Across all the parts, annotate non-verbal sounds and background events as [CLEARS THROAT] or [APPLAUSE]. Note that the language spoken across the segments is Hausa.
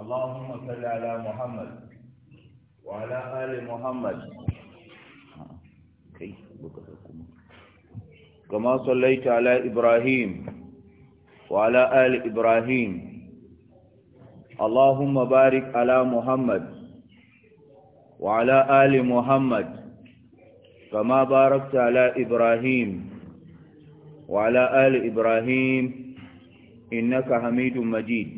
اللهم صل على محمد وعلى آل محمد كما صليت على إبراهيم وعلى آل إبراهيم اللهم بارك على محمد وعلى آل محمد كما باركت على إبراهيم وعلى آل إبراهيم إنك حميد مجيد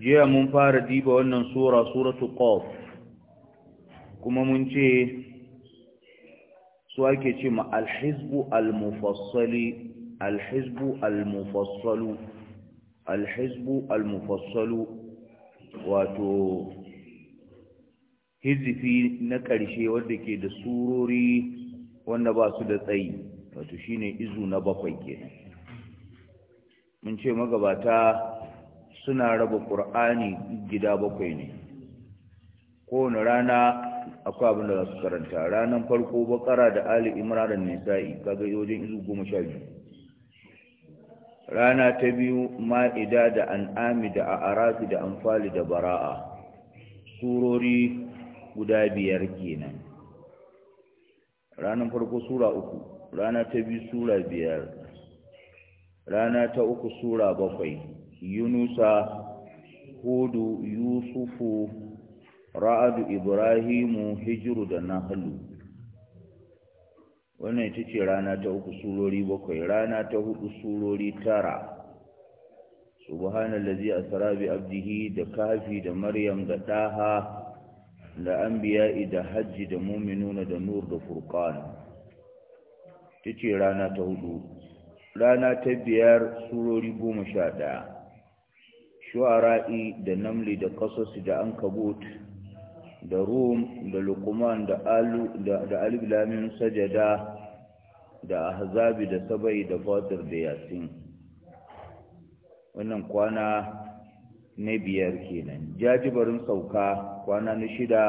jiya mun fara diba wannan sura suratu qaf kuma mun ce su ake ce ma alhizbu almufassali alhizbu almufassalu alhizbu almufassalu wato hizifi na ƙarshe wanda ke da surori wanda ba su da tsayi wato shine izu na bakwai kenan mun ce magabata suna raba ƙur'ani gida bakwai ne kowane rana akwai abin da za su karanta ranar farko bakara da ali da nisa'i kaga wajen izu goma sha biyu rana ta biyu ma'ida da an'ami da a'arafi da amfali da bara'a surori guda biyar kenan ranar farko sura uku rana ta biyu sura biyar rana ta uku sura bakwai yunusa hudu yusufu ra'adu ibrahimu Hijru da nahalu wannan ita ce rana ta uku surori bakwai rana ta hudu surori tara subhanallazi asra bi abdihi da kafi da maryam da daha da anbiya'i da hajji da muminuna da nur da ita ce rana ta hudu rana ta biyar surori goma sha ɗaya shu'ara'i da namli da kasosu da ankabut da rum da lukuman da da alibilamin sajada da ahzabi da sabai da fatir da yasin wannan kwana na biyar kenan jajibarin sauka kwana na shida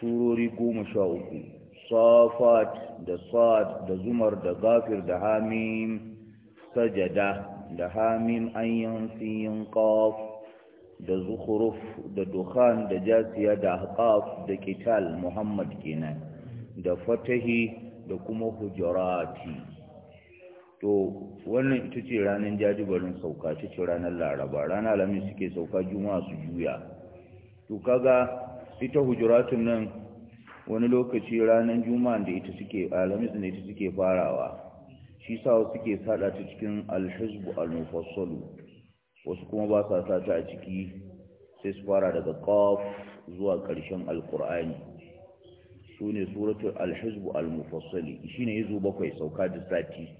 surori goma sha uku safat da sad da zumar da gafir da hamim sajada da hamim ayyan siyin qaf da zukhruf da dukhan da jasiya da ahqaf da kital muhammad kenan da fatahi da kuma hujurati to wannan ita ce ranar jajibarin sauka ta ce ranar laraba ranar alamin suke sauka juma'a su juya to kaga ita hujuratun nan wani lokaci ranar juma'a da ita suke alamis ne ita suke farawa shi sa wasu ke sada ta cikin alhizbu al-mufassalu wasu kuma ba sa sa ta a ciki sai su fara daga qaf zuwa ƙarshen alqur'ani sune suratul alhizbu al-mufassali shine yazo bakwai sauka da sati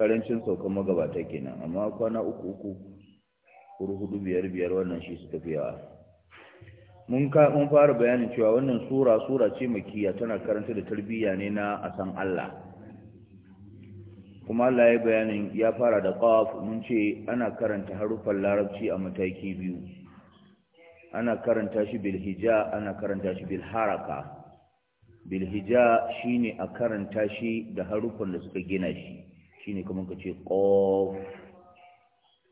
karancin saukan magabata kenan amma kwana uku uku kuru hudu biyar biyar wannan shi suka fi yawa mun mun fara bayanin cewa wannan sura sura ce makiya tana karanta da tarbiyya ne na asan Allah kuma Allah ya bayanin ya fara da qaf mun ce ana karanta harufan larabci a mataki biyu ana karanta shi bil hija ana karanta shi bil haraka bil hija shine a karanta shi da harufan da suka gina shi shine kaman ka ce qaf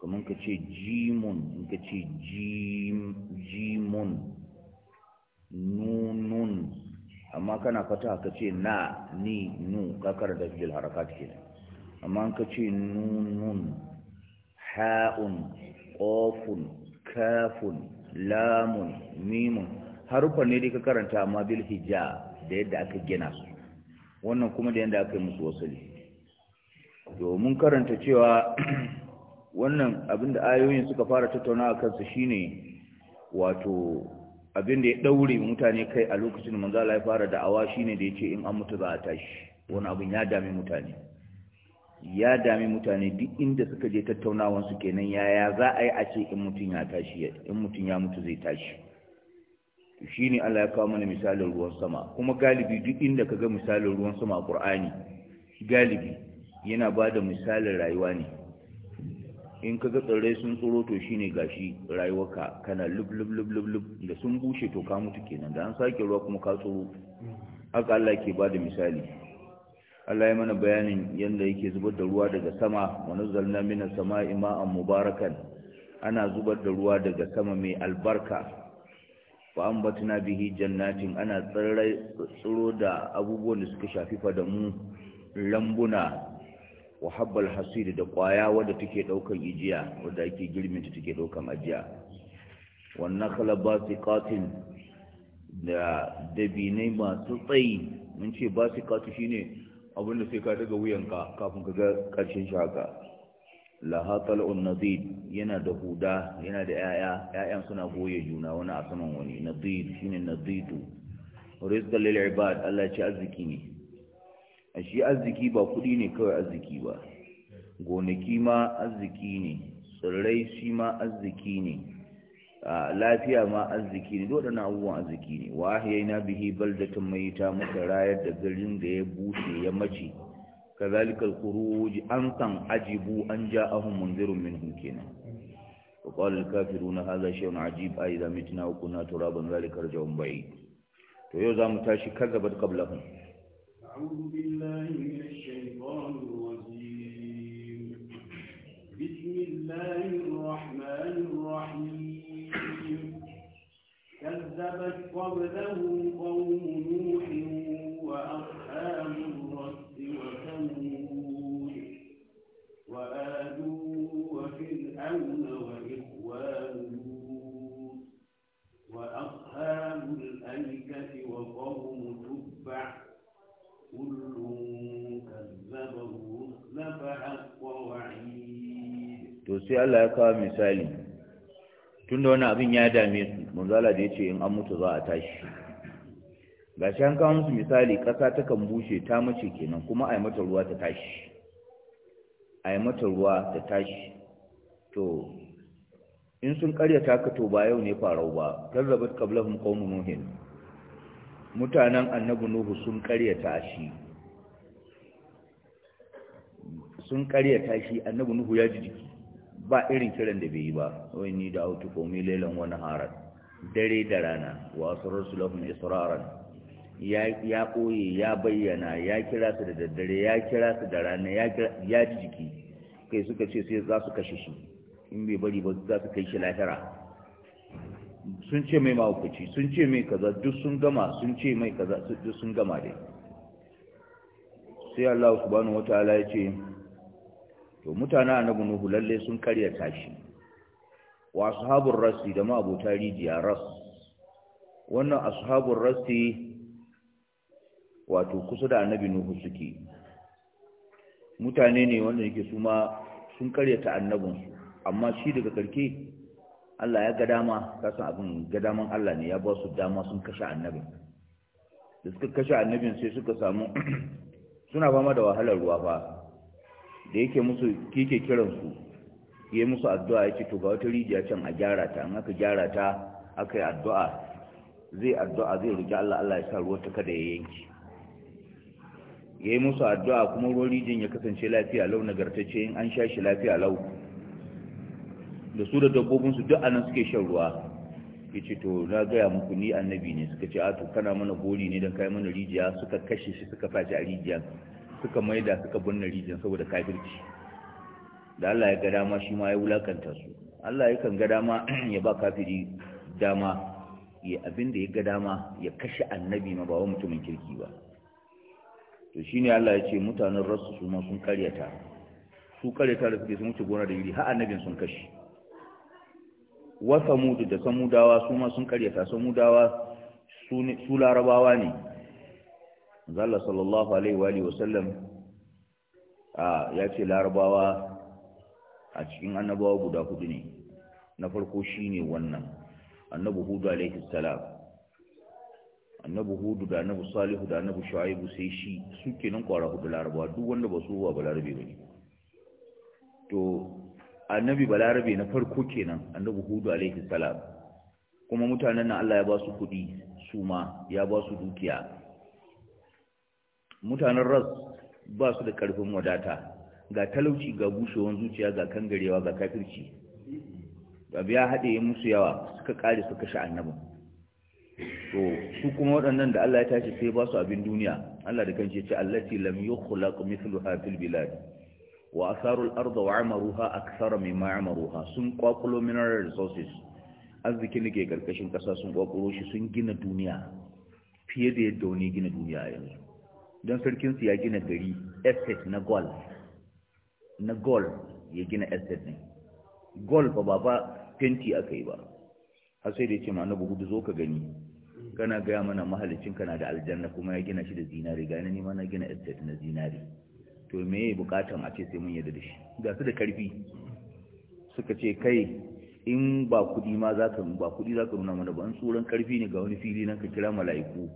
kaman ka ce jimun in ka ce jim jimun nunun amma kana fata ka ce na ni nu ka karanta bil harakat kenan amma ka ce nunun ha'un ƙofun kafun lamun mimun harufan ne dai ka karanta amma bil hija da yadda aka gina su wannan kuma da yadda aka yi musu wasali domin karanta cewa [CLEARS THROAT] wannan abin da ayoyin suka fara tattauna a kansu shine wato abin da ya daure mutane kai a lokacin manzo ya fara da'awa shine da ya ce in an mutu za a tashi wani abin ya dami mutane ya dami mutane duk inda suka je tattaunawan su kenan yaya za a yi a ce in mutum ya tashi in mutum ya mutu zai tashi ne Allah ya kawo mana misalin ruwan sama kuma galibi duk inda ka ga misalin ruwan sama a Qur'ani galibi yana ba da misalin rayuwa ne in ka ga tsirrai sun tsoro to shi ne gashi rayuwarka kana lub lub lub lub lub da sun bushe to ka mutu kenan da an sake ruwa kuma ka tsoro haka Allah ke ba da misali Allah ya mana bayanin yadda yake zubar da ruwa daga sama wa nazzalna minas sama'i ma'an mubarakan ana zubar da ruwa daga sama mai albarka fa ambatna bihi jannatin ana tsiro da abubuwan da suka shafi fadamu lambuna wa habbal hasiri da kwaya wadda take daukan ijiya wadda ake girmin ta take daukan ajiya wa nakhla basiqatin da dabinai masu tsayi mun ce basiqatu shine abinda sai ka daga wuyanka kafin ka ga ƙarshen shaka. haka laha yana da huda yana da yaya yayan suna goye juna wani a saman wani nadid shine nadidu rizqan lil ibad Allah ya arziki ne a shi arziki ba kudi ne kawai arziki ba gonaki ma arziki ne tsirrai shi ma arziki ne lafiya ma arziki ne dole na abubuwan arziki ne wa na bihi baldatan ta muka rayar da garin da ya bushe ya mace kazalikal khuruj an san ajibu an ja'ahum munzirun minhum kenan wa qala al kafiruna hadha shay'un ajib a idza mitna wa kunna turaban zalika raj'un ba'id to yau zamu tashi kazzabat qablahum a'udhu billahi minash shaitanir rajim bismillahir rahmanir rahim كذبت قبلهم قوم نوح وأصحاب الرس وثمود وآد وفرعون وإخوان لوط وأصحاب الأيكة وقوم تبع كل كذب الرسل فحق وعيد. To sai Allah ya kawo misali, tunda wani abin ya dame su, manzala da ya ce in an mutu za a tashi ga shi an kawo musu misali ƙasa takan bushe ta mace kenan kuma a yi mata ruwa ta tashi a yi mata ruwa ta tashi to in sun karya ka to ba yau ne farau ba karrabat qablahum qaumun nuhin mutanen annabi nuhu sun ta shi sun ta shi annabi nuhu ya ji jiki ba irin kiran da bai yi ba wai ni da autu qawmi laylan wani harar dare da rana wa asrarsu lahum israran ya ya koyi ya bayyana ya kira su da daddare ya kira su da rana ya ya jiki kai suka ce sai za su kashe shi in bai bari ba za su kai shi lahira sun ce mai mahaukaci sun ce mai kaza duk sun gama sun ce mai kaza duk sun gama dai sai Allah subhanahu wataala ya ce to mutane annabi nuhu lalle sun karyata shi wa ashabur rasi da ma abota rijiya ras wannan ashabur rasi wato kusa da annabi nuhu suke mutane ne wanda yake su ma sun karyata annabinsu amma shi daga karke Allah ya ga dama kasan abin ga daman Allah ne ya ba su dama sun kashe annabin da suka kashe annabin sai suka samu [CLEARS THROAT] suna fama da wahalar ruwa fa, da yake musu kike kiransu yi musu addu'a ya ce to ga wata rijiya can a gyara ta an aka gyara ta aka yi addu'a zai addu'a zai roƙi Allah Allah ya sa ruwa ta kada ya yanki ya yi musu addu'a kuma ruwan rijin ya kasance lafiya lau na nagartacce in an sha shi lafiya lau da su da dabbobinsu duk anan suke shan ruwa ya ce to na gaya muku ni annabi ne suka ce ato kana mana gori ne don kai mana rijiya suka kashe shi suka faci a rijiyar suka maida suka binne rijiyar saboda kafirci da Allah ya ga dama shi ma ya wulakanta su Allah yakan ga dama [CLEARS THROAT] ya ba kafiri dama ya abin da ya ga dama ya kashe annabi ma ba mutumin kirki ba to shine Allah ya ce mutanen rasu su ma sun karyata su karyata da suke sun wuce gona da iri har annabin sun kashe wa mudu da samudawa su ma sun karyata samudawa su larabawa ne zalla sallallahu alaihi wa sallam ya ce larabawa a cikin annabawa guda hudu ne na farko shi ne wannan annabu hudu alaihi salam Annabu hudu da annabu salihu da annabu shu'aibu sai shi suke nan kwara hudu laraba duk wanda ba su ba balarabe ne to annabi balarabe na farko kenan annabu hudu alaihi salam kuma mutanen nan Allah ya ba su kudi su ma ya ba su dukiya mutanen ras ba su da karfin wadata ga talauci ga bushewar zuciya ga kangarewa ga kafirci abu ya haɗe ya musu yawa suka ƙare su kashe annabin to su kuma waɗannan da Allah ya tashi sai ba su abin duniya Allah da kan ce allati lam yukhlaq mithluha fil bilad wa asaru al arda wa amaruha akthara mimma amaruha sun kwakulo mineral resources arzikin da ke karkashin ƙasa sun kwakulo shi sun gina duniya fiye da yadda wani gina duniya yanzu don sarkinsu ya gina gari estate na golf na gol ya gina estate ne. gol ba ba fenti aka yi ba har sai da ya ce ma na buhudu zo ka gani kana gaya mana mahallicin kana da aljanna kuma ya gina shi da zinari ga ni ma na gina estate na zinari to me ya bukatan a ce sai mun yarda da shi ga su da karfi suka ce kai in ba kudi ma za ka ba kudi za ka nuna mana ba in tsoron karfi ne ga wani fili nan ka kira mala'iku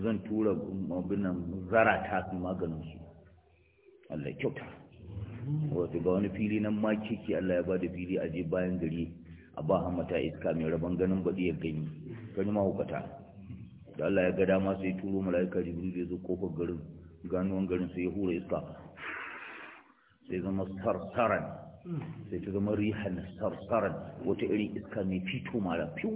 zan tura abin nan zarata su maganin su Allah kyauta wato ga wani fili nan ma kike Allah ya bada fili a je bayan gari a ba hamata iska mai rabon ganin baɗi ya gani gani hukata da Allah ya ga dama sai turo mala'ika jibril ya zo kofar garin ganuwan garin sai ya hura iska sai zama sarsaran sai ta zama rihan sarsaran wata iri iska mai fito mara fiw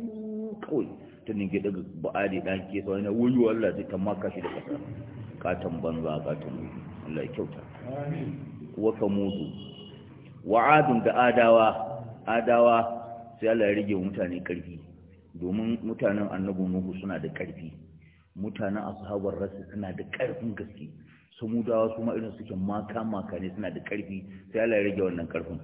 kawai ta ninke daga ba'adi ɗan ke sa wani wuyu Allah sai ta maka shi da ƙasa katon banza katon Allah ya kyauta wa samudu wa adun da adawa adawa sai Allah ya rige mutane karfi domin mutanen annabi Nuhu suna da karfi mutanen ashabar rasul suna da karfin gaske samudawa su ma irin suke maka maka ne suna da karfi sai Allah ya rage wannan karfin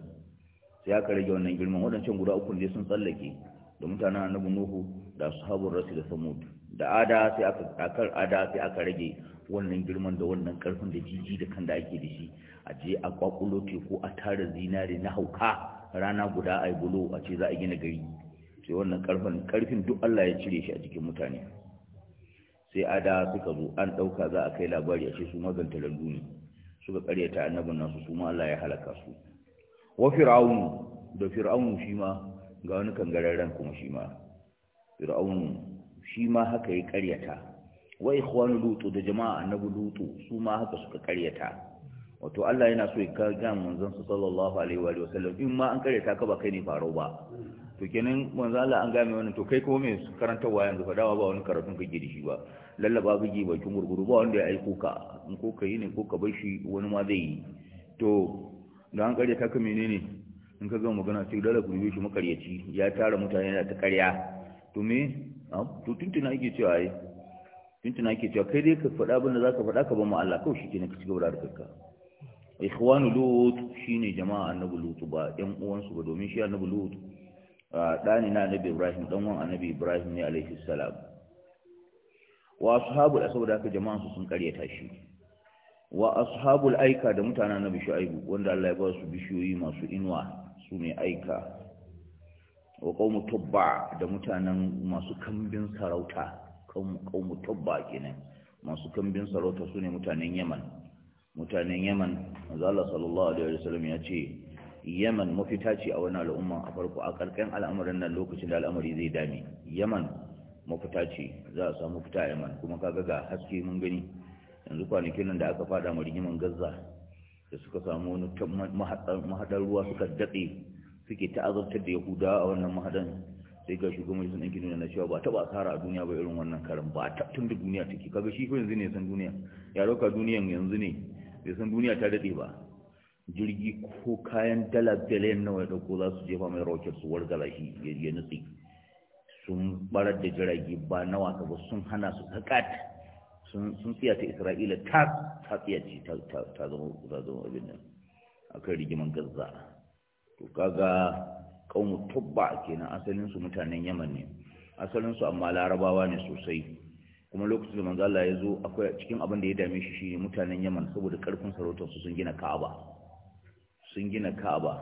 sai aka rage wannan girman waɗancan guda uku ne sun tsallake da mutanen annabi Nuhu da ashabar rasul da samud da ada sai aka akar ada sai aka rage wannan girman da wannan karfin da jiji da kan da ake da shi a je a kwakulo teku a tara zinare na hauka rana guda a bulo a ce za a gina gari sai wannan karfin karfin duk Allah ya cire shi a cikin mutane sai ada suka zo an ɗauka za a kai labari a ce su mazanta lallu ne suka karyata annabin nasu su ma Allah ya halaka su wa fir'aunu da fir'aunu shi ma ga wani kangararren kuma shi ma fir'aunu shi ma haka ya karyata wai ikhwanu lutu da jama'a annabi lutu su ma haka suka karyata wato Allah yana so ya ga manzon sa sallallahu alaihi wa sallam in ma an karyata ka ba kai ne faro ba to kenan manzon Allah an mai wannan to kai ko me karantawa yanzu fa dawa ba wani karatun ka gidi shi ba lallaba ba bakin gurguru ba wanda ya aiko ka in ko kai ne ko ka bar shi wani ma zai yi to da an karyata ka menene in ka ga magana sai dala ku yi shi makaryaci ya tara mutane da ta karya to me ah, to tuntuna yake cewa ai na ake cewa kai dai ka faɗa abin da za ka faɗa ka ba mu Allah kawai shi ke na ka cigaba da harkarka ikhwanu lut shine jama'a annabi lut ba ɗan uwansu ba domin shi annabi lut ne na annabi ibrahim ɗan uwan annabi ibrahim ne alaihi salam wa ashabul saboda haka jama'a su sun karyata shi wa ashabul aika da mutanen annabi shu'aibu wanda Allah ya ba su bishiyoyi masu inuwa su ne aika wa qaumu tubba da mutanen masu kambin sarauta ƙaumu tabba kenan masu kambin sarauta su ne mutanen yaman mutanen yaman zala sallallahu alaihi wasallam ya ce yaman mafita ce a wani al'umma a farko a ƙarƙen al'amarin nan lokacin da al'amari zai dame yaman mafita ce za a samu fita a yaman kuma kaga ga haske mun gani yanzu kwanakin nan da aka fada mu rigiman gaza da suka samu wani mahadan ruwa suka daɗe suke ta'azartar da yahudawa a wannan mahadan. sai ga shugaban majalisar ɗinkin duniya na cewa ba taɓa asara a duniya ba irin wannan karin ba ta tun da duniya take kaga shi ko yanzu ne san duniya ya roka duniyan yanzu ne bai san duniya ta daɗe ba jirgi ko kayan dala biliyan nawa ya ɗauko za su jefa mai rocket su wargala shi ya nutse sun barar da jirage ba nawa ka ba sun hana su kat sun tsiya ta isra'ila ta ta tsiya ce ta zama abin nan akan rigiman gaza to kaga kaumu tubba kenan asalin su mutanen yaman ne asalinsu amma larabawa ne sosai kuma lokacin da manzo Allah ya zo akwai cikin abin da ya dame shi shine mutanen yaman saboda karfin sarautar su sun gina ka'aba sun gina ka'aba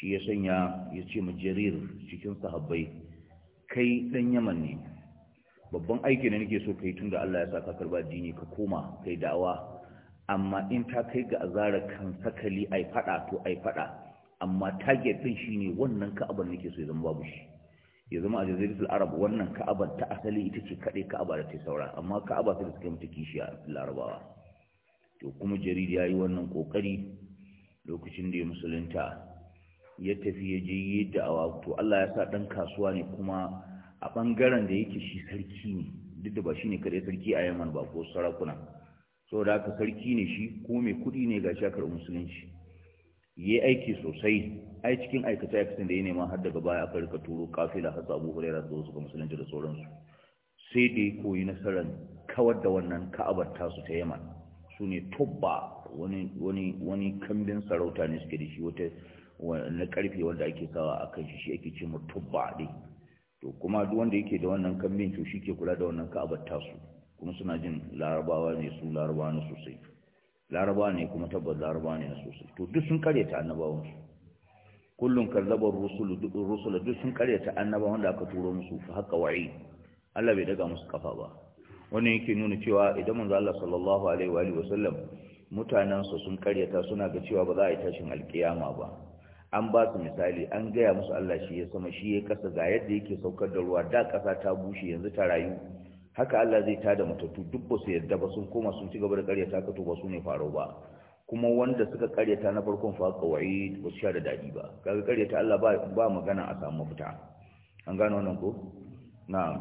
shi ya sanya ya ce mu jarir cikin sahabbai kai dan yaman ne babban aiki ne nake so kai tunda Allah ya saka karba dini, ka koma kai da'awa amma in ta kai ga azara kan sakali ai fada to ai fada amma target din shine wannan ka'abar nake so ya zama babu shi ya zama a arab wannan ka'abar ta asali ita ce kaɗai ka'aba da ta saura amma ka'aba ta suka mutu kishiya a larabawa to kuma jarid ya yi wannan kokari lokacin da ya musulunta ya tafi ya je yi da'awa to Allah ya sa dan kasuwa ne kuma a bangaren da yake shi sarki ne duk da ba shi ne kaɗai sarki a yaman ba ko sarakuna saboda haka sarki ne shi ko mai kuɗi ne ga shakar musulunci yi aiki sosai ai cikin aikace aikacen da ya nema har daga baya aka rika turo kafila har sabu hurera da wasu ga musulunci da sauransu sai da ya koyi nasarar kawar da wannan ka'abar tasu ta yaman su ne tubba wani kambin sarauta ne suke da shi wata na karfe wanda ake kawa a kan shi shi ake ce mu tubba dai to kuma duk wanda yake da wannan kambin to shi ke kula da wannan ka'abar tasu kuma suna jin larabawa ne su larabawa ne sosai laraba ne kuma tabbas laraba ne na sosai to duk sun annabawan su kullum kazzabar rusula duk sun karyata annabawan da aka turo musu fa haka wa'i Allah bai daga musu kafa ba wannan yake nuna cewa idan manzo Allah sallallahu alaihi wa alihi wasallam mutanen su sun karyata suna ga cewa ba za a yi tashin alkiyama ba an ba su misali an gaya musu Allah shi ya sama shi ya kasa ga yadda yake saukar da ruwa da kasa ta bushe yanzu ta rayu haka Allah zai tada matattu duk ba su yarda ba sun koma sun ci gaba da karyata ka to ba su ne faro ba kuma wanda suka karyata na farkon fa kawai ba su sha da daɗi ba kaga karyata Allah ba ba magana a samu mafita an gano wannan ko na'am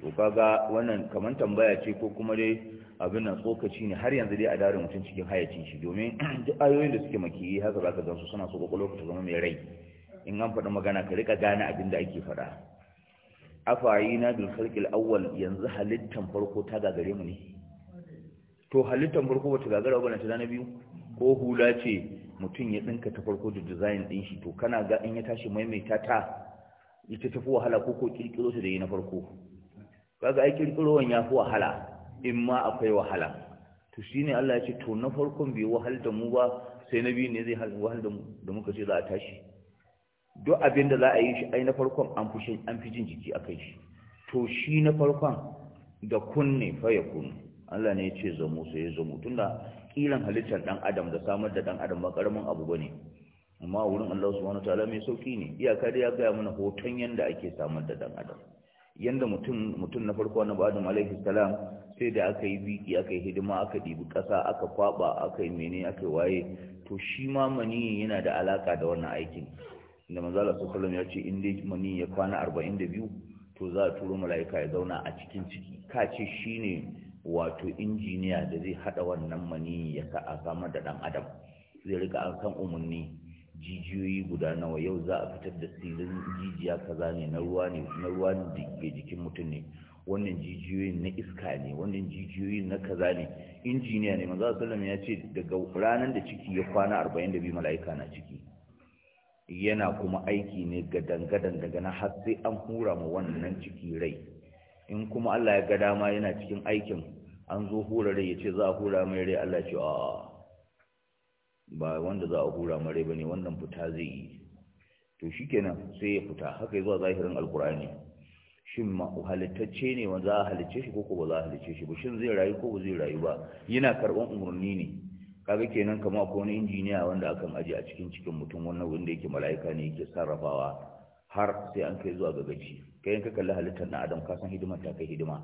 ko kaga wannan kaman tambaya ce ko kuma dai abin nan tsokaci ne har yanzu dai a darin mutum cikin hayacin shi domin [CLEARS THROAT] duk ayoyin da suke makiyi haka za ka gansu suna so kwakwalwa ka zama mai rai in an faɗi magana ka rika gane abin da ake faɗa afayi na bil khalqil awwal yanzu halittan farko ta gagare mu ne to halittan farko bata ta gagara ba ta na biyu ko hula ce mutum ya dinka ta farko da design din shi to kana ga in ya tashi maimaita ta ita tafi wahala ko ko kirkiro ta da yi na farko kaga ai kirkirowan ya fi wahala in ma akwai wahala to shine Allah ya ce to na farkon bai wahal da mu ba sai na biyu ne zai wahal da mu da muka ce za a tashi duk abin da za a yi shi ai na farkon an fi an fi jin jiki akai shi to shi na farkon da kunne fa ya kunu Allah ne ya ce zamo sai ya zamo tunda kilan halittar dan adam da samar da dan adam ba karamin abu bane amma wurin Allah subhanahu wataala mai sauki ne iyaka da ya gaya mana hoton yanda ake samar da dan adam yanda mutum na farko na adam alaihi salam sai da aka yi biki aka yi hidima aka ɗibi kasa aka kwaba aka yi mene aka waye to shi ma mani yana da alaka da wannan aikin da manzala sallallahu ya ce in dai mani ya kwana 42 to za a turo mala'ika ya zauna a cikin ciki ka ce shine wato injiniya da zai hada wannan mani ya ka a samar da dan adam zai rika an san umarni jijiyoyi guda nawa yau za a fitar da silin jijiya kaza ne na ruwa ne na ruwa da ke jikin mutum ne wannan jijiyoyin na iska ne wannan jijiyoyin na kaza ne injiniya ne manzo sallallahu ya ce daga ranar da ciki ya kwana 42 mala'ika na ciki yana kuma aiki ne ga dangadan daga na har sai an hura ma wannan ciki rai in kuma Allah ya ga dama yana cikin aikin an zo hura rai ya ce za a hura mai rai Allah ya ce a'a ba wanda za a hura mare ba ne wannan fita zai yi to shi sai ya fita haka zuwa zahirin alkur'ani shin halittacce ne wanda za a halicce shi ko ba za a halicce shi ba shin zai rayu ko ba zai rayu ba yana karɓar umarni ne kaga kenan kama ko wani injiniya wanda akan aje a cikin cikin mutum wannan wanda yake mala'ika ne yake sarrafawa har sai an kai zuwa ga gaci kai in ka kalli halittar na adam ka san hidimar ta kai hidima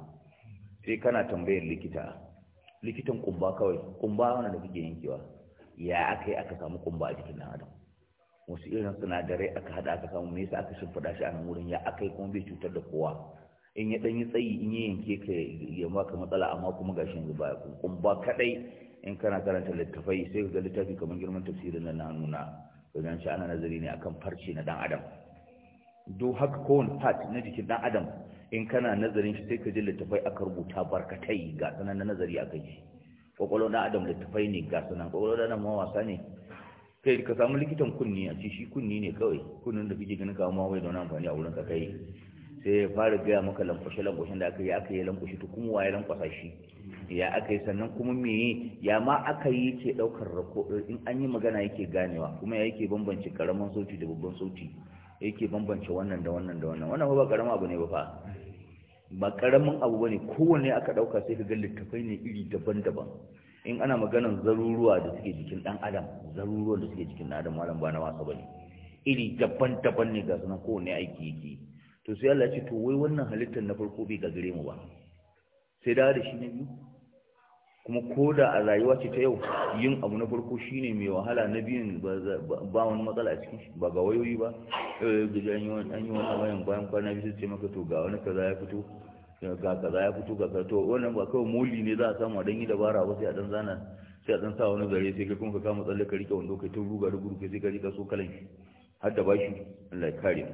sai kana tambayar likita likitan kumba kawai kumba wannan da kake yankewa ya aka yi aka samu kumba a jikin ɗan adam wasu irin sinadarai aka hada aka samu me yasa aka shimfiɗa shi a nan wurin ya aka yi kuma bai cutar da kowa in ya ɗan yi tsayi in ya yanke ka ya maka matsala amma kuma gashi yanzu ba kumba kaɗai in kana karanta littafai sai ga littafi kamar girman tafsirin nan na nuna wajen shi ana nazari ne akan farce na dan adam duk haka kowane part na jikin dan adam in kana nazarin shi sai ka ji littafai aka rubuta barkatai ga sanan na nazari akan shi kwakwalwa na adam littafai ne ga sunan kwakwalwa da ma wasa ne kai ka samu likitan kunni a ci shi kunni ne kawai kunnin da kake ganin kawo mawai da wani amfani a wurin ka kai sai ya fara gaya maka lankwashe lankwashen da aka yi aka yi lankwashe to kuma waye lankwasa shi ya aka yi sannan kuma me ya ma aka yi ke daukar rako in an yi magana yake ganewa kuma ya yake bambance karaman sauti da babban sauti yake bambance wannan da wannan da wannan wannan ba karama abu ne ba fa ba karamin abu bane kowanne aka dauka sai ka ga littafai ne iri daban-daban in ana maganan zaruruwa da suke jikin dan adam zaruruwa da suke jikin dan adam malam ba na wasa bane iri daban-daban ne ga sunan kowanne aiki yake to sai Allah ya ce to wai wannan halittar na farko bai gagare mu ba sai da da shi na biyu kuma ko da a rayuwa ce ta yau yin abu na farko shine mai wahala na biyun ba wani matsala a cikin ba ga wayoyi ba yau eh, an yi wani wayan bayan kwana biyu ce maka to ga wani kaza ya fito ga kaza ya fito ga kaza to wannan ba kawai moli ne za a samu a dan yi dabara ba sai a dan zana sai a dan sa wani zare sai kai kuma ka kama tsalle ka rike wando kai tun ruga da kai sai ka rika so kalan shi har da bashi Allah ya kare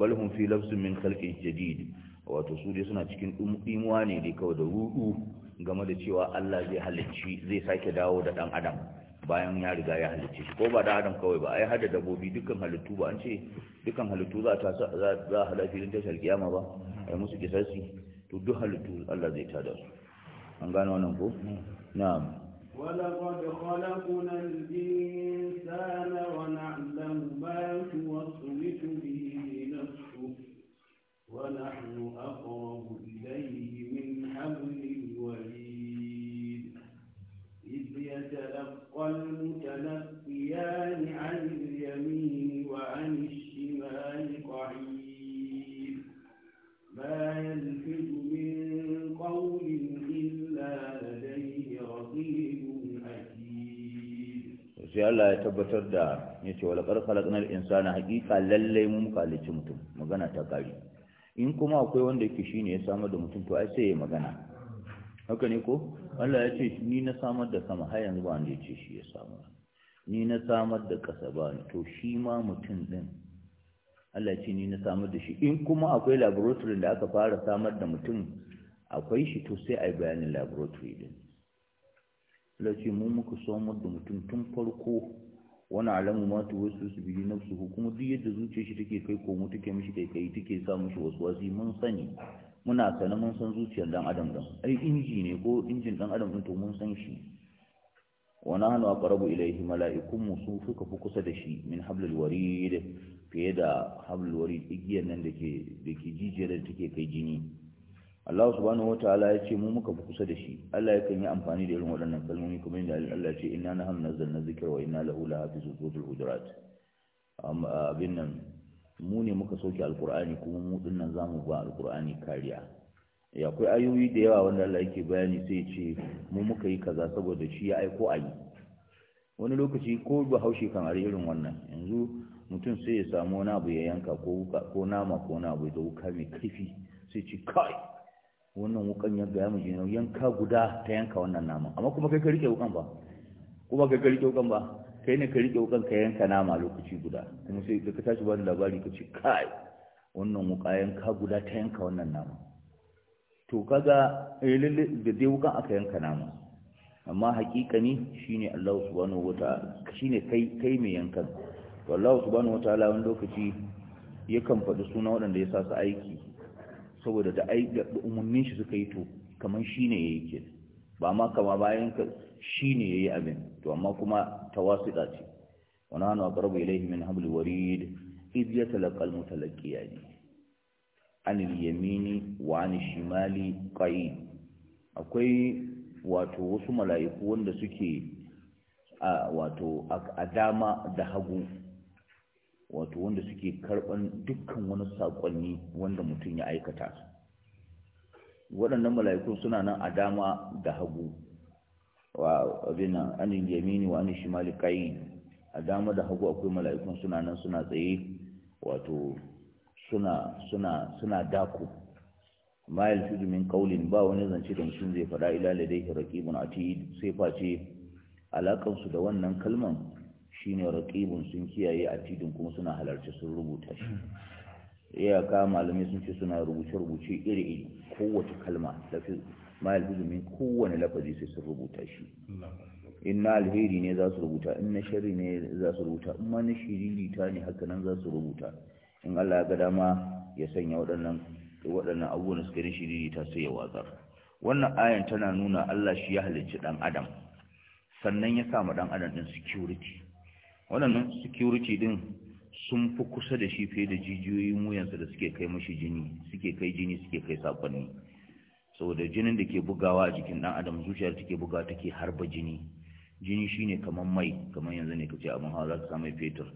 bal hum fi lafsin min khalqin jadid wato su dai suna cikin dimuwa ne dai kawai da ruɗu game da cewa Allah zai halicci zai sake dawo da dan adam bayan ya riga ya halicci ko ba da adam kawai ba ai hada dabbobi dukkan halittu ba an ce dukkan halittu za ta za halafi din tashar kiyama ba ai musu kisasi to duk halittu Allah zai tada su an gano wannan ko na'am ولقد خلقنا الإنسان ونعلم ما توسوس به نفسه ونحن أقرب إليه والمتنفيان عن اليمين وعن الشمال قعيد ما يلفظ من قول إلا لديه رقيب sai Allah ya tabbatar da ya ce wala ƙarƙalar ƙanar insana hakika lallai mun kalici mutum magana ta ƙari in kuma akwai wanda yake shine ya samar da mutum to ai sai ya magana haka ne ko Allah ya ce ni na samar da sama har yanzu ba wanda ya ce shi ya samar ni na samar da ƙasa ba to shi ma mutum ɗin. Allah ya ce ni na samar da shi in kuma akwai laboratory da aka fara samar da mutum akwai shi to sai a yi bayanin laboratory din Allah ya ce mu muka samar da mutum tun farko wani alamu ma ta wasu su biyu nafsu kuma duk yadda zuciyar shi take kai komo take mishi kai kai take sa mishi wasu wasu, mun sani muna sane mun san zuciyar dan adam dan ai inji ne ko injin dan adam din to mun san shi wa nahnu aqrabu ilayhi mala'ikum musu suka fi kusa da shi min hablul warid fiye da hablul warid igiyar nan da ke jijiyar da take kai jini Allah subhanahu wataala ya ce mu muka fi kusa da shi Allah ya kan yi amfani da irin waɗannan kalmomi kuma inda Allah ya ce inna nahnu nazzalna dhikra wa inna lahu lahafizun suratul hujurat abin nan mu ne muka soke alkur'ani kuma mu nan zamu ba alkur'ani kariya ya eh, akwai ayoyi da yawa wanda Allah yake bayani sai ce mu muka yi kaza saboda shi ya aiko ayi. wani lokaci ko bahaushe kan ari irin wannan yanzu mutum sai ya samu wani abu ya yanka ko nama ko wani abu ya wuka mai kaifi sai ce kai wannan wukan ya ga mu yanka guda ta yanka wannan nama, amma kuma kai ka rike wukan ba kuma kai ka rike wukan ba kai ne ka riƙe wukan ka yanka nama lokaci guda kuma sai da ka tashi ba labari ka ce kai wannan wuka yanka guda ta yanka wannan nama to kaga eh, lalle da dai wukan aka yanka nama amma haƙiƙani shine Allah subhanahu wata shine kai kai mai yankan to Allah subhanahu wataala wani lokaci yakan faɗi suna waɗanda ya sa su aiki saboda da umarnin shi suka yi to kamar shine yake ba ma kama bayan shi ne ya yi abin to amma kuma tawasida ce wani hannu a ilayhi min habl warid iz yatalaqa talakal mutalakiya ne an yamini wa an shimali qaid akwai wato wasu mala'iku wanda suke a wato a dama da hagu wato wanda suke karɓan dukkan wani saƙonni wanda mutum ya aikata waɗannan mala'ikun suna nan a dama da hagu wa abina anin yamini wa anin shimali kayin a dama da hagu akwai mala'ikun suna nan suna tsaye wato suna suna suna dako ma min kaulin ba wani zance da mutum zai faɗa ila ladayhi raqibun atid sai face alakan su da wannan kalman shine raqibun sun kiyaye atidin kuma suna halarci sun rubuta shi iyaka malamai sun ce suna rubuce-rubuce iri-iri kowace kalma ma kowane lafazi sai sun rubuta shi in alheri ne za su rubuta in na shari ne za su rubuta in ma na ne haka nan za su rubuta in Allah ya ga dama ya sanya waɗannan waɗannan abubuwan suka yi shiririta sai ya watsar wannan ayan tana nuna Allah shi ya halicci ɗan adam sannan ya sa ma ɗan adam ɗin security waɗannan security ɗin sun fi kusa da shi fiye da jijiyoyin wuyansa da suke kai mashi jini suke kai jini suke kai sakonni saboda jinin da ke bugawa a jikin dan adam zuciyar take bugawa take harba jini jini shine kamar mai kamar yanzu ne kace abin hawa zaka samu fetur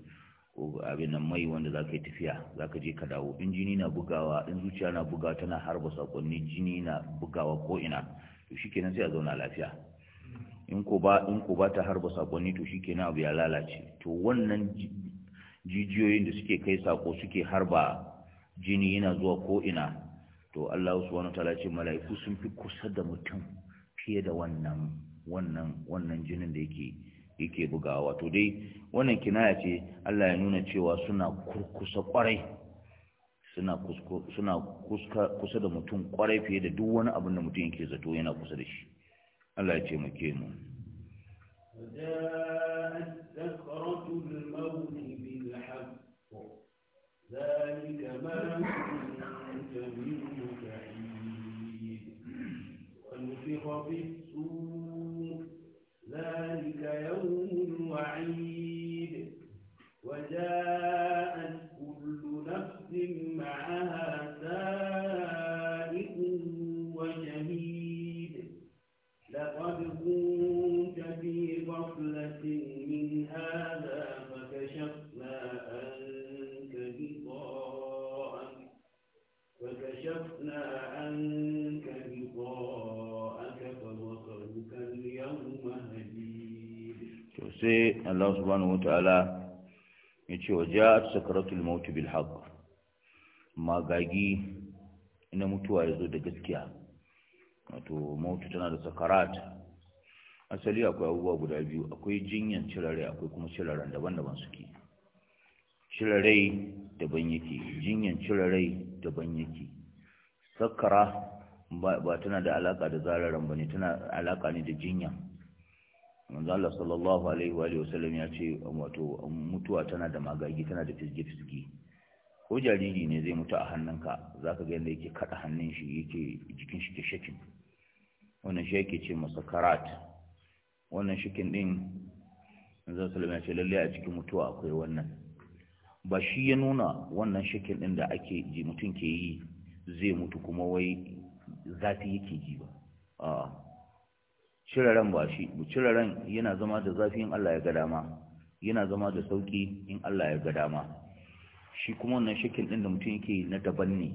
ko abin nan mai wanda za ka yi tafiya za ka je ka dawo in jini na bugawa in zuciya na bugawa tana harba sakonni jini na bugawa ko ina to shikenan sai a zauna lafiya in ko ba in ko ba ta harba sakonni to shikenan abu ya lalace to wannan jijiyoyin da suke kai sako suke harba jini yana zuwa ko ina to Allah subhanahu wataala ce mala'iku sun fi kusa da mutum fiye da wannan wannan wannan jinin da yake yake bugawa to dai wannan kinaya ce Allah ya nuna cewa suna kurkusa kwarai suna kusko suna kuska kusa da mutum kwarai fiye da duk wani abin da mutum yake zato yana kusa da shi Allah ya ce mu ke mu ذلك ما وبالسوء ذلك يوم الوعيد وجاء sai Allah subhanahu Ta'ala ya ce wa ja'at sakaratul maut bil haqq magagi na mutuwa yazo da gaskiya wato mautu tana da sakarat asali akwai abubuwa guda biyu akwai jinyan cirare akwai kuma ciraren daban-daban suke cirare daban yake jinyan cirare daban yake sakara ba tana da alaka da zararan bane tana alaka ne da jinyan manzo Allah sallallahu alaihi wa sallam ya ce wato mutuwa tana da magagi tana da fisge fisge ko jariri ne zai mutu a hannunka za ka ga yadda yake kada hannun shi yake jikin shi ke shakin wannan shi yake ce masa karat wannan shikin din manzo sallallahu ya ce a cikin mutuwa akwai wannan ba shi ya nuna wannan shikin din da ake ji mutum ke yi zai mutu kuma wai zafi yake ji ba a'a cire ran ba shi cire ran yana zama da zafi in Allah ya ga dama yana zama da sauki in Allah ya ga dama shi kuma wannan shakin din da mutum yake na daban ne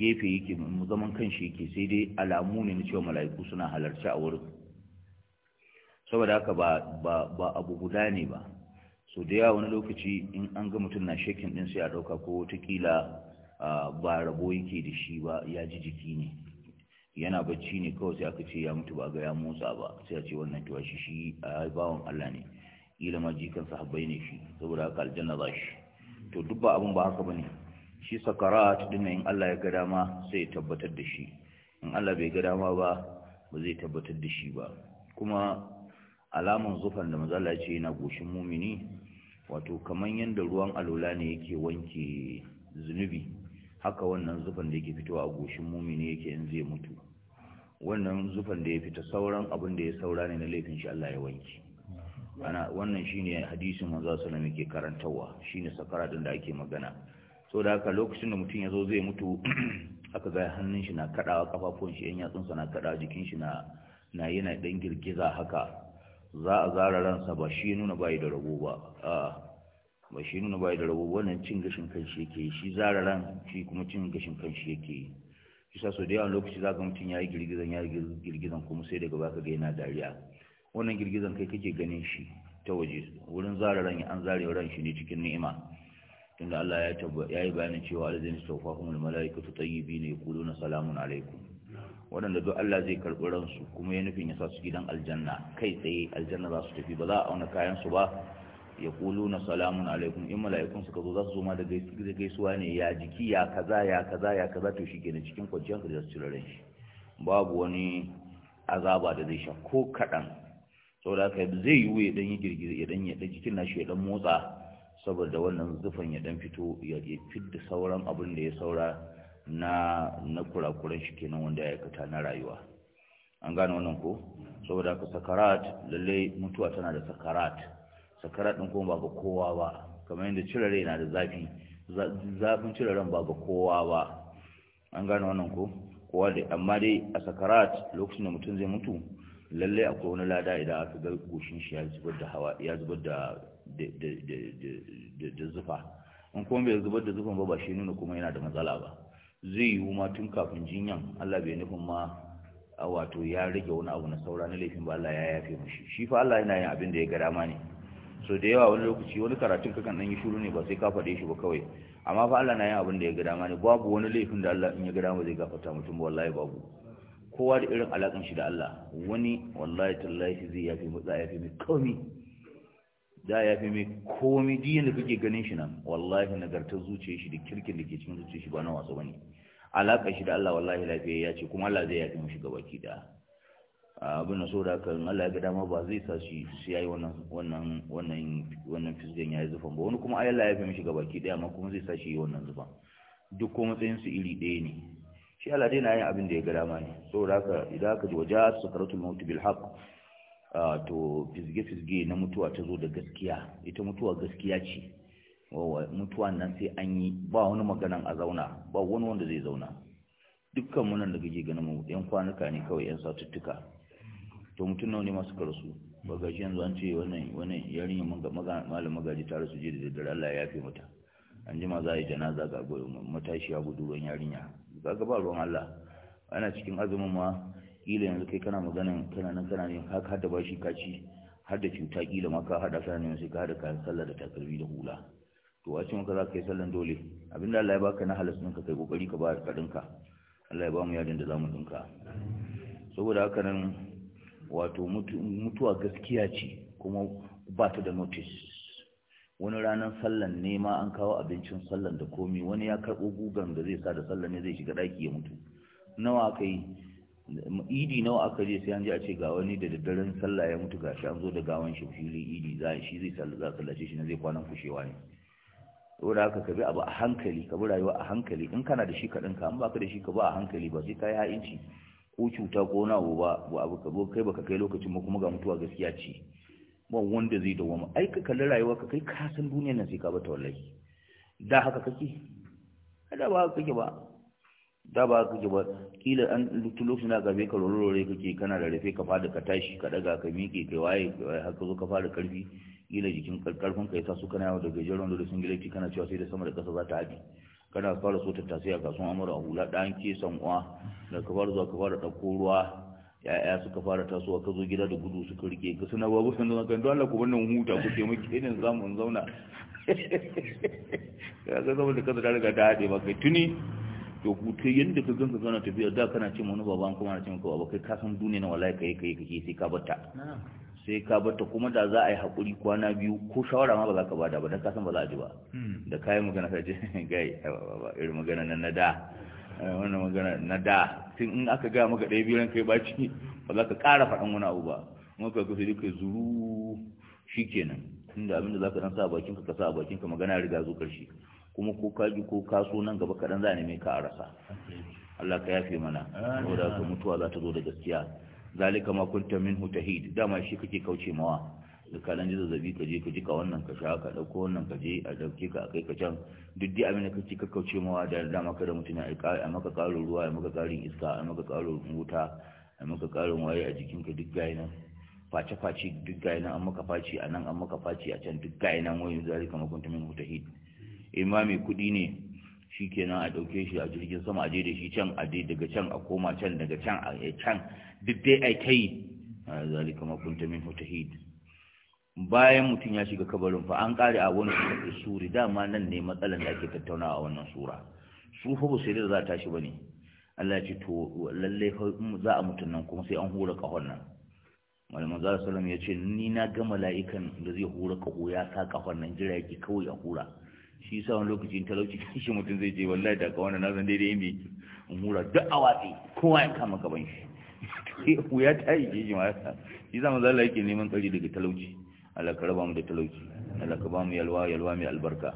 gefe yake mu zaman kanshi yake sai dai alamu ne na cewa mala'iku suna halarci a wurin saboda haka ba ba abu guda ne ba so da yawa wani lokaci in an ga mutum na shakin din sai a dauka ko wata kila ah, ba rabo yake da shi ba ya ji jiki ne yana bacci ne kawai sai aka ce ya mutu ba ga ya motsa ba sai a ce wannan tuwa shi shi a bawan Allah ne ila ma jikan sahabbai ne shi saboda haka aljanna za shi to duk ba abun ba haka bane shi sakarat din in Allah ya ga dama sai ya tabbatar da shi in Allah bai ga dama ba ba zai tabbatar da shi ba kuma alaman zufan da manzo Allah ya ce yana goshin mumini wato kaman yanda ruwan alola ne yake wanke zunubi haka wannan zufan da yake fitowa a goshin mumini yake in zai mutu wannan zufan da ya fita sauran abin da ya saura ne na laifin shi Allah ya wanki ana wannan shine hadisin manzo sallallahu alaihi wasallam karantawa shine sakara din da ake magana so da haka lokacin da mutum yazo zai mutu [CLEARS THROAT] aka ga hannun shi na kadawa kafafun shi yan yatsun sa na kada jikin shi na na yana dan girgiza haka za a zara ransa ba shi nuna bai da rabo ba ba shi nuna bai da rabo wannan cin gashin kanshi yake shi zara ran shi kuma cin gashin kanshi yake kisa so da yawan lokaci za ka mutum ya yi girgizan ya yi girgizan kuma sai daga baka ga yana dariya wannan girgizan kai kake ganin shi ta waje wurin zara ran an zare ran shi ne cikin ni'ima tunda Allah ya ya yi bayanin cewa alladhina tawfahumul malaikatu tayyibina yaquluna salamun alaikum wadanda duk Allah zai karɓi ransu kuma ya nufin ya sa su gidan aljanna kai tsaye aljanna za su tafi ba za a auna kayan su ba ya kulu na salamun alaikum in mala'ikun suka zo za su zo ma da gaisuwa ne ya jiki ya kaza ya kaza ya kaza to shi kenan cikin kwanciyar ka da su cire shi babu wani azaba da zai sha ko kaɗan saboda haka zai yiwu ya dan yi girgiza ya dan yi cikin jikin nashi ya dan motsa saboda wannan zufan ya dan fito ya fidda sauran abin da ya saura na na kurakuran shi kenan wanda ya aikata na rayuwa an gane wannan ko saboda haka sakarat lalle mutuwa tana da sakarat sakara ɗin kuma ba kowa ba kamar yadda cire rai na da zafi zafin cire ran kowa ba an gane wannan ko kowa dai amma dai a sakara lokacin da mutum zai mutu lalle akwai wani lada idan aka ga goshin shi ya zubar da hawa ya zubar da da zufa in kuma bai zubar da zufan ba ba shi nuna kuma yana da matsala ba zai yiwu ma tun kafin jinyan Allah bai nufin ma a wato ya rage wani abu na saura na laifin ba Allah ya yafe mushi shi fa Allah yana yin abin da ya ga dama ne so da yawa wani lokaci wani karatun kakan dan yi shuru ne ba sai ka faɗe shi ba kawai amma fa Allah na yin abin da ya gada mani babu wani laifin da Allah in ya gada dama zai gafarta mutum wallahi babu kowa da irin alakan shi da Allah wani wallahi tallahi zai yafi mutsa yafi mai komi da yafi mai komi diyan da kake ganin shi nan wallahi nagartar zuciyar shi da kirkin da ke cikin zuciyar shi ba na wasu bane alakan shi da Allah wallahi lafiya ya ce kuma Allah zai yafi mishi gabaki da abin da so da kan Allah ya gada ma ba zai sa shi yayi wannan wannan wannan wannan yi zufan ba wani kuma ayi Allah ya fi mishi gabaki daya amma kuma zai sa shi yi wannan zufan duk kuma matsayin su iri daya ne shi Allah dai na yin abin da ya gada ma ne da haka idan aka ji waja sakaratul maut bil haqq to fisge fisge na mutuwa ta zo da gaskiya ita mutuwa gaskiya ce mutuwa nan sai an yi ba wani maganan a zauna ba wani wanda zai zauna dukkan munan da kake ganin mu yan kwanuka ne kawai yan satuttuka to mutum nawa ne masu karsu ba ga shi yanzu an ce wannan yarin yarinya malam magaji ta rasu je da daddare Allah ya yafe mata an jima za a yi janaza ga matashi matashiya ruwan yarinya ga ba ruwan Allah ana cikin azumin ma kila yanzu kai kana magana kana nan kana ne ka hada bashi kaci. har da cuta kila ma ka hada kana ne sai ka hada kayan sallah da takalmi da hula to a cikin za ka yi sallan dole abinda Allah ya baka na halas ɗinka kai kokari ka ba ka dinka Allah ya ba mu yadin da za mu dinka saboda haka nan wato mutuwa gaskiya ce kuma ba ta da notice wani ranar sallan ne ma an kawo abincin sallan da komi wani ya karɓo gugan da zai sa da sallan ne zai shiga ɗaki ya mutu nawa aka yi idi nawa aka je sai an ji a ce ga wani da daddaren sallah ya mutu gashi an zo da gawan shi fili idi za shi zai sallace shi na zai kwanan kushewa ne saboda haka ka bi abu a hankali ka bi rayuwa a hankali in kana da shi ka ɗinka baka da shi ka bi a hankali ba sai ka yi ha'inci ko cuta ko na abu ba ba abu ka kai baka kai lokacin ba kuma ga mutuwa gaskiya ce ba wanda zai dawoma ai ka kalli rayuwa ka kai ka san duniyar nan sai ka bata wallahi da haka kake da ba haka kake ba da ba haka kake ba kila an duk lokacin da gabe ka rolore kake kana da rafe ka fada ka tashi ka daga ka miƙe kai waye haka zo ka fara karfi kila jikin karfin ka yasa su kana yawo da gajeren da singileti kana cewa sai da sama da ƙasa za ta haɗi kana fara so tattasai a kasuwan amur a hula ɗan ke sanwa da ka fara zuwa ka fara ɗauko ruwa ya'ya suka fara tasowa ka zo gida da gudu suka rike ka suna babu sun zama kan dole ku wannan huta ku ke miki irin zamun zauna [LAUGHS] ya ga da kaza ta riga ta haɗe ba kai tuni to ku ta yanda ka ganka zauna tafiya da kana ce wani baban kuma na ce maka baba kai ka san duniya na wallahi kai kai kake sai ka bata. sai ka bata kuma da za a yi haƙuri kwana biyu ko shawara ma ba za ka ba da ba don kasan ba za a ji ba hmm. da kayan magana ka je [LAUGHS] gai irin magana na da eh, wannan magana na da tun in aka gaya maka ɗaya biyu kai baci ba za ka ƙara faɗin wani abu ba kuma ka sai kai zuru shi kenan inda abin da za ka sa bakin ka sa a bakinka magana riga zo ƙarshe kuma ko ka ji ko ka so nan gaba kaɗan za a neme ka a rasa Allah ka yafe mana saboda ka mutuwa za ta zo da gaskiya zalika ma kunta minhu tahid dama shi kake kauce mawa da kalan ji zazzabi ka je ka jika wannan ka sha ka dauko wannan ka je a dauke ka a kai ka can duk dai abin da kake ka kauce mawa da dama kada mutum a maka karo ruwa a maka karin iska a maka karo wuta a maka karin waye a jikinka duk gayi nan face-face duk gayi nan an maka face a nan an maka face a can duk gayi nan wani zalika ma kunta minhu tahid imami kudi ne shi kenan a ɗauke shi a jirgin sama a je da shi can a je daga can a koma can daga can a can duk dai ai bayan mutum ya shiga kabarin fa an kare a wani suri dama nan ne matsalan da ake tattauna a wannan sura su fa ba sai da za ta shi bane Allah ya ce to lalle fa za a mutun nan kuma sai an hura kahon nan Malam zara salam ya ce ni na ga mala'ikan da zai hura kaho ya sa kahon nan jira yake kawai a hura shi sa wani lokacin talauci [LAUGHS] shi mutum zai je wallahi da kahon nan na daidai me in hura duk a watsi kowa ya kama gaban shi wuya ta yi ke jima shi zama zala yake neman tsari daga talauci Allah ka mu da talauci Allah ka ba mu yalwa yalwa mai albarka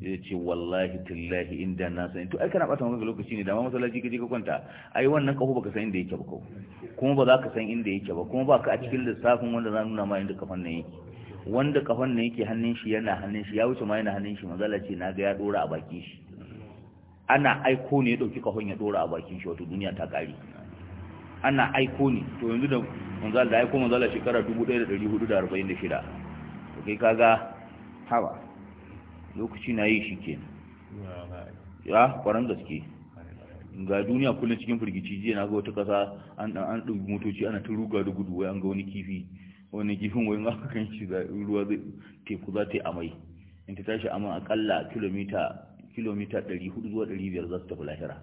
ya ce wallahi tallahi inda na sani to ai kana bata maka lokaci ne da ma masallaci kaje ka kwanta ai wannan kafu baka san inda yake ba kawo kuma ba za ka san inda yake ba kuma baka a cikin lissafin wanda za nuna ma inda kafan nan yake wanda kafan nan yake hannun shi yana hannun shi ya wuce ma yana hannun shi mazala ce na ga ya dora a bakin shi ana aiko ne ya dauki kafan ya dora a bakin shi wato duniya ta kare ana aiko ne to yanzu da manzala da aiko manzala shekara 1446 to kai kaga hawa lokaci na yi shi ke ya kwaran gaske ga duniya kullum cikin firgici jiya na ga wata kasa an an ɗauki motoci ana ta ruga da gudu wai an ga wani kifi wani kifin wai aka kan shi da ruwa zai teku za ta yi amai in ta tashi amma akalla kilomita kilomita 400 zuwa 500 za su tafi lahira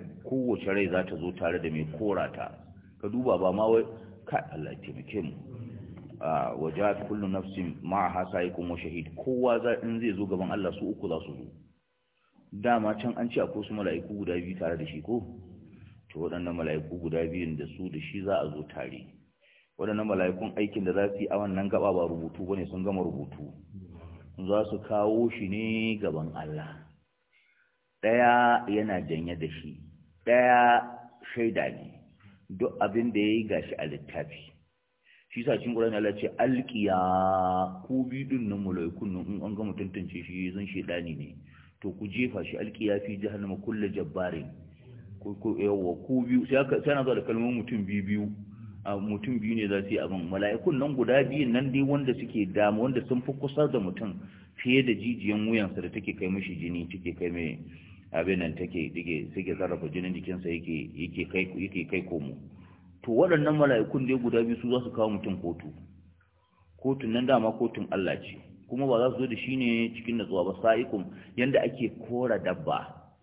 kowace rai za ta zo tare da mai korata ka duba ba ma wai kai Allah taimake mu a wajat kullu nafsin ma'aha sa'iqun wa shahid kowa za in zai zo gaban Allah su uku za su zo dama can an ce akwai su mala'iku guda biyu tare da shi ko to waɗannan mala'iku guda biyun da su da shi za a zo tare waɗannan mala'ikun aikin da za su yi a wannan gaba ba rubutu bane sun gama rubutu za su kawo shi ne gaban Allah ɗaya yana janye da shi ɗaya shaida ne duk abin da ya yi gashi a littafi shi sa cin ne Allah ce alƙiya ku bi ɗin nan mulaikun nan in an gama tantance shi zan shaidani ne to ku jefa shi alƙiya fi jahannama kulle jabbarin ko yawa ku biyu sai na zo da kalmar mutum biyu biyu mutum biyu ne za su yi abin mala'ikun nan guda biyu nan dai wanda suke dama wanda sun fi kusa da mutum fiye da jijiyan wuyansa da take kai mishi jini take kai mai abin nan take dige suke sarrafa jinin jikinsa yake yake kai yake kai komo to waɗannan mala'ikun da guda biyu su za su kawo mutum kotu kotun nan dama kotun Allah ce kuma ba za su zo da shi ne cikin natsuwa ba sa'ikum yanda ake kora dabba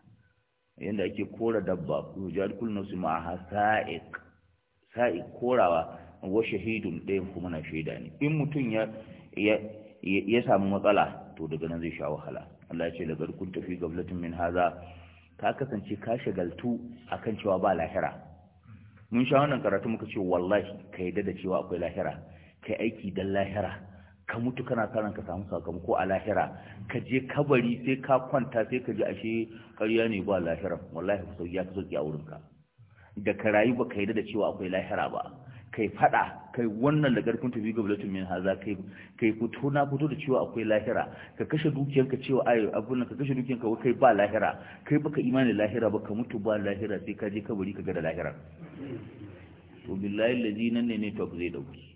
yanda ake kora dabba ku jihar kullum su ma'aha sa'iq sa'iq korawa wa shahidun ɗayan kuma na shaida ne in mutum ya ya samu matsala to daga nan zai sha wahala Allah ce lagar kun tafi gablatin min haza ka kasance ka shagaltu akan cewa ba lahira mun sha wannan karatu muka ce wallahi ka yadda da cewa akwai lahira kai aiki dan lahira ka mutu kana karan ka samu sakamako a lahira ka je kabari sai ka kwanta sai ka ji ashe ƙarya ne ba lahira wallahi ku sauki ya ka sauki a wurinka da ka rayu ba ka yadda da cewa akwai lahira ba kai fada kai wannan da garfin tafi bulletin min haza kai kai fito na fito da cewa akwai lahira ka kashe dukiyarka cewa ai abun ka kashe dukiyarka wai kai ba lahira kai baka imani lahira ba ka mutu ba lahira sai ka je kabari ka ga da lahira to billahi allazi nan ne ne to zai dauki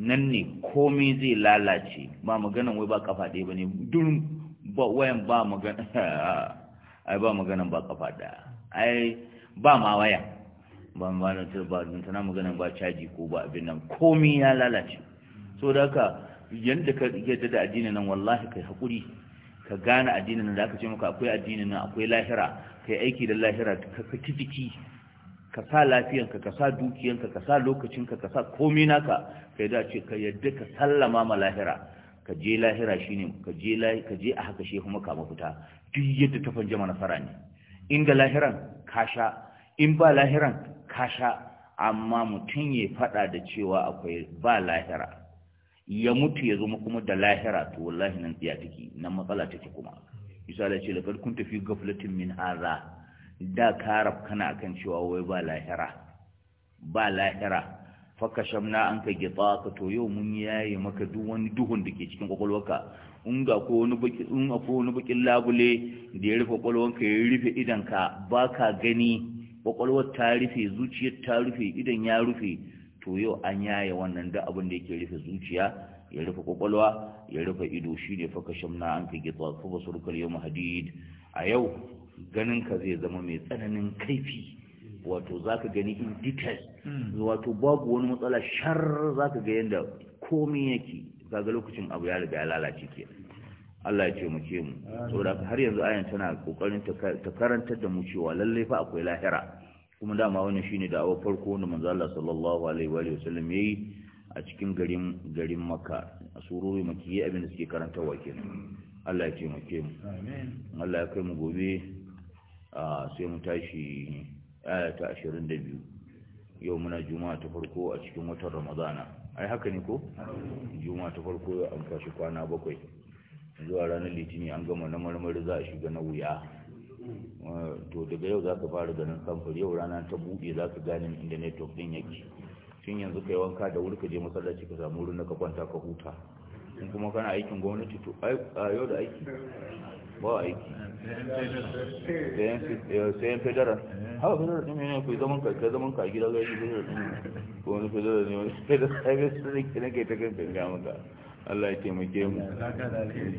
nan ne komai zai lalace ba maganan wai ba kafa ɗaya bane durin ba wayan ba magana [LAUGHS] ai ba maganan ba kafa ɗaya ai ba ma wayan ba ba na ba tana maganin ba caji ko ba abin nan komi ya lalace so da haka yadda ka yadda da addinin nan wallahi kai hakuri ka gane addinin nan da aka ce maka akwai addinin nan akwai lahira kai aiki da lahira ka ka jiki ka sa lafiyanka ka sa dukiyanka ka sa lokacinka ka sa komai naka kai da ce ka yadda ka sallama ma lahira ka je lahira shine ka je ka je a haka shi kuma ka mafuta duk yadda ta fanje fara ne in ga lahiran ka sha in ba lahiran kasha amma mutum ya faɗa da cewa akwai ba lahira ya mutu ya zama kuma da lahira to wallahi nan tsiya take nan matsala take kuma da ce da kun tafi gaflatin min haza da karab kana akan cewa wai ba lahira ba lahira faka shamna an ka gita ka to yau mun yaye maka duk wani duhun da ke cikin kwakwalwarka in ga ko wani baki in akwai wani bakin labule da ya rufe kwakwalwarka ya rufe idanka ba ka gani kwakwalwar ta rufe zuciyar ta rufe idan ya rufe to yau an yaya wannan da abin da yake rufe zuciya ya rufe kwakwalwa ya rufe ido shi ne fa kashin na an fi gitsa fa surukar yau mahadid a yau ganin ka zai zama mai tsananin kaifi wato zaka gani in detail hmm. wato babu wani matsala shar zaka ga yanda komai yake kaga lokacin abu ya riga ya lalace kenan Allah ya ce mu ke mu saboda har yanzu ayan tana kokarin ta karantar da mu cewa lalle fa akwai lahira kuma dama wannan shine da awa farko wanda manzo Allah sallallahu alaihi wa sallam yayi a cikin garin garin Makka a surori makiyyi abin da suke wa kenan Allah ya ce mu ke mu amin Allah ya kai mu gobe a sai mu tashi aya ta 22 yau muna juma'a ta farko a cikin watan Ramadana ai haka ne ko juma'a ta farko an kwashi kwana bakwai zuwa ranar litini an gama na marmari za a shiga na wuya to daga yau za ka fara ganin samfur yau rana ta buɗe za ka gane inda network ɗin yake tun yanzu ka yi wanka da wuri ka je masallaci ka samu wurin da ka kwanta ka huta in kuma kana aikin gwamnati to a yau da aiki ba aiki sayan federal haka federal ɗin ne kai zaman ka zaman ka gida ga yi federal ɗin ko wani federal ne wani federal ne kai ta Allah ya taimake mu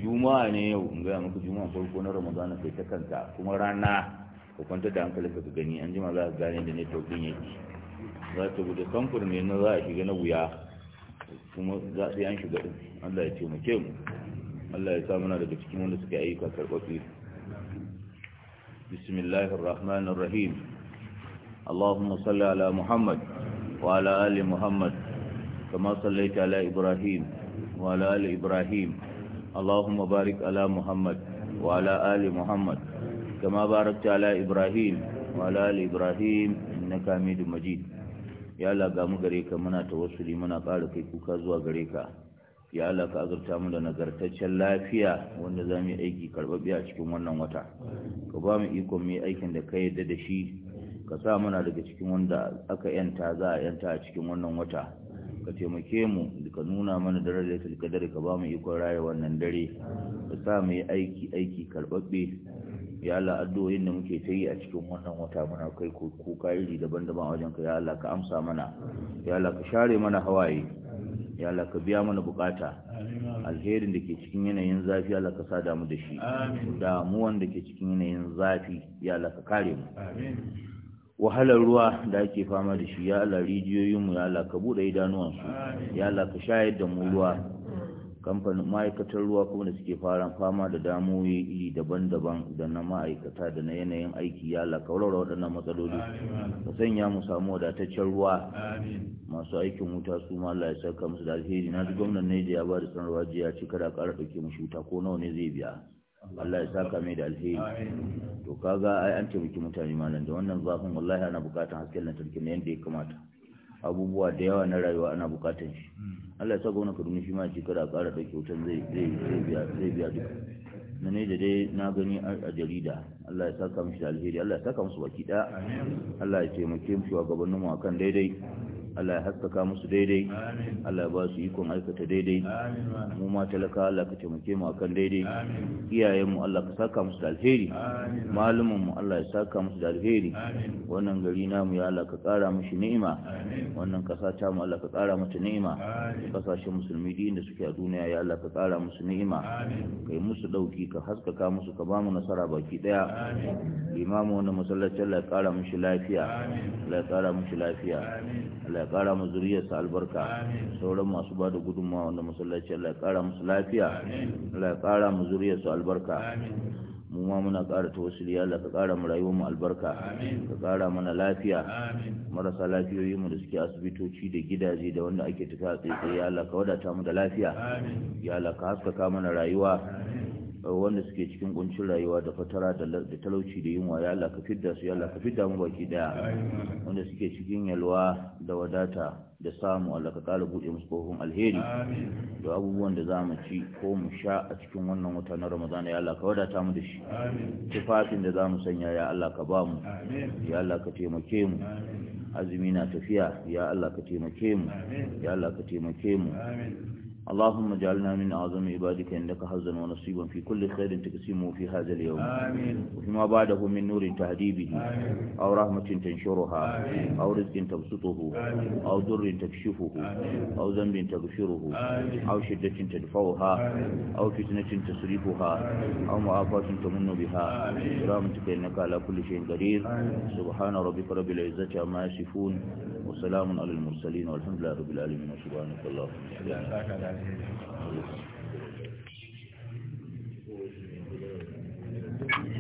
juma'a ne yau in ga muku juma'a farko na ramadana sai ta kanta kuma rana Ko kwanta da hankali ka gani an jima za ka gane da ne din yake za ta bude kamfur ne na za a shiga na wuya kuma za yi an shiga din Allah ya taimake mu Allah ya sa muna daga cikin wanda suka ayyuka karɓaɓɓe bismillahir rahmanir rahim اللهم صل على محمد وعلى Ali محمد كما صليت على Ibrahim. وعلى آل إبراهيم اللهم بارك على محمد وعلى آل محمد كما باركت على إبراهيم وعلى آل إبراهيم إنك حميد مجيد ya Allah mu gare ka muna tawassuli muna ƙara kai kuka zuwa gare ka ya ka azurta mu da nagartaccen lafiya wanda za mu yi aiki karɓaɓɓe a cikin wannan wata ka ba mu iko mu yi aikin da ka yarda da shi ka sa muna daga cikin wanda aka yanta za a yanta a cikin wannan wata ka taimake mu ka nuna mana darajar kadar ka ba mu ikon raya wannan dare ka sa mu yi aiki aiki karɓaɓɓe ya Allah addu'o'in da muke ta a cikin wannan wata muna kai kuka iri daban-daban a wajen ka ya Allah ka amsa mana ya Allah ka share mana hawaye ya Allah ka biya mana bukata alherin da ke cikin yanayin zafi Allah ka sada mu da shi damuwan da ke cikin yanayin zafi ya Allah ka kare mu wahalar ruwa da ake fama da shi ya Allah rijiyoyinmu ya Allah ka buɗe idanuwansu ya Allah ka shayar da mu ruwa kamfanin ma'aikatar ruwa kuma da suke fara fama da damuwoyi iri daban-daban da na ma'aikata da na yanayin aiki ya Allah ka warware waɗannan matsaloli ka sanya mu samu wadataccen ruwa masu aikin wuta su ma Allah ya saka musu da alheri na ji gwamnan Niger ya ba da sanarwa jiya ce kada a ƙara ɗauke mu shuta ko nawa ne zai biya Allah ya saka mai da alheri to kaga ai an taimaki mutane malam da wannan zafin wallahi ana bukatan hasken lantarki na yadda ya kamata abubuwa da yawa na rayuwa ana bukatan shi hmm. Allah ya sa gwamna Kaduna shi ma ya kada a ƙara ɗauke wutan zai biya zai biya duka na ne da dai na gani a jarida Allah ya saka mishi da alheri Allah ya saka musu baki ɗaya Allah ya taimake mu mu akan daidai Allah ya haskaka musu daidai Allah ya ba su ikon aikata daidai mu ma talaka Allah ka taimake mu akan daidai iyayenmu mu Allah ka saka musu da alheri malumin mu Allah ya saka musu da alheri wannan gari namu ya Allah ka kara mishi ni'ima wannan kasa ta mu Allah ka kara mata ni'ima kasashen musulmi din da suke a duniya ya Allah ka kara musu ni'ima kai musu dauki ka haskaka musu ka ba mu nasara baki daya limamu wannan masallacin Allah ya kara mishi lafiya Allah ya kara mishi lafiya Allah Kara mu sa albarka sauran masu ba da gudunmawa wanda masallaci Allah ya kara musu lafiya Allah ya kara mu sa albarka mu ma muna kara ta wasu riya Allah ka kara mu rayuwar mu albarka ka kara mana lafiya marasa lafiyoyi mu da suke asibitoci da gidaje da wanda ake tafiya tsaye ya Allah ka wadata mu da lafiya ya Allah ka haskaka mana rayuwa wanda suke cikin kuncin rayuwa da fatara da talauci da yunwa ya Allah ka fidda su ya Allah ka fidda mu baki daya wanda suke cikin yalwa da wadata da samu Allah ka kara bude musu kofin alheri da abubuwan da zamu ci ko mu sha a cikin wannan wata na Ramadan ya Allah ka wadata mu da shi tufafin da zamu sanya ya Allah ka ba mu ya Allah ka taimake mu azumi na tafiya ya Allah ka taimake mu ya Allah ka taimake mu اللهم اجعلنا من أعظم عبادك إنك حظا ونصيبا في كل خير تقسمه في هذا اليوم آمين. وفيما بعده من نور تهدي به أو رحمة تنشرها آمين. أو رزق تبسطه آمين. أو ضر تكشفه آمين. أو ذنب تغفره آمين. أو شدة تدفعها آمين. أو فتنة تصرفها آمين. أو معافاة تمن بها برحمتك إنك على كل شيء قدير سبحان ربك رب العزة عما يصفون وسلام على المرسلين والحمد لله رب العالمين وسبحانك اللهم وبحمدك Thank you.